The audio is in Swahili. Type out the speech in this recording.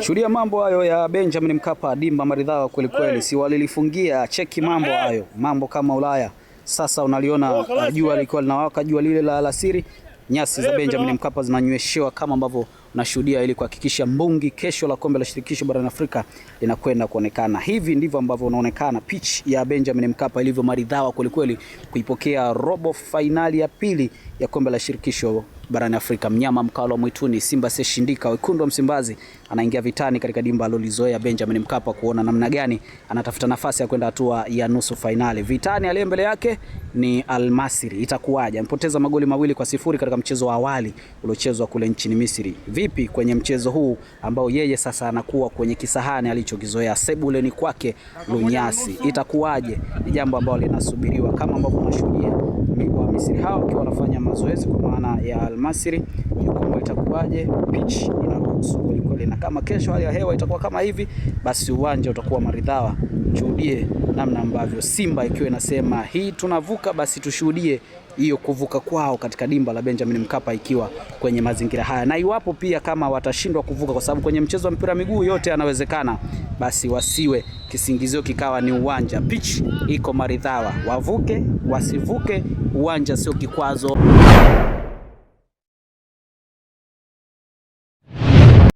Shuhudia mambo hayo ya Benjamin Mkapa, dimba maridhawa kweli kweli, si walilifungia cheki mambo hayo, mambo kama Ulaya. Sasa unaliona oh, uh, jua likiwa linawaka, jua lile la alasiri, nyasi za Benjamin Mkapa zinanyweshewa kama ambavyo unashuhudia, ili kuhakikisha mbungi kesho la kombe la shirikisho barani Afrika linakwenda kuonekana. Hivi ndivyo ambavyo unaonekana pitch ya Benjamin Mkapa ilivyo maridhawa kweli kweli, kuipokea robo fainali ya pili ya kombe la shirikisho barani Afrika. Mnyama mkali wa mwituni Simba Seshindika, wekundu wa Msimbazi, anaingia vitani katika dimba alolizoea Benjamin Mkapa kuona namna gani anatafuta nafasi ya kwenda hatua ya nusu fainali. Vitani aliye mbele yake ni Almasiri, itakuwaje? Amepoteza magoli mawili kwa sifuri katika mchezo wa awali uliochezwa kule nchini Misri. Vipi kwenye mchezo huu ambao yeye sasa anakuwa kwenye kisahani alichokizoea sebuleni kwake Lunyasi, itakuwaje? Ni jambo ambalo linasubiriwa kama ambavyo tunashuhudia wa Misri hao wakiwa wanafanya mazoezi kwa maana ya Almasri, jukumu litakuwaje, pitch inaruhusu kwelikweli, na kama kesho hali ya hewa itakuwa kama hivi, basi uwanja utakuwa maridhawa. Shuhudie namna ambavyo Simba ikiwa inasema hii tunavuka, basi tushuhudie hiyo kuvuka kwao katika dimba la Benjamin Mkapa ikiwa kwenye mazingira haya, na iwapo pia kama watashindwa kuvuka, kwa sababu kwenye mchezo wa mpira wa miguu yote yanawezekana, basi wasiwe kisingizio kikawa ni uwanja. Pitch iko maridhawa, wavuke wasivuke, uwanja sio kikwazo.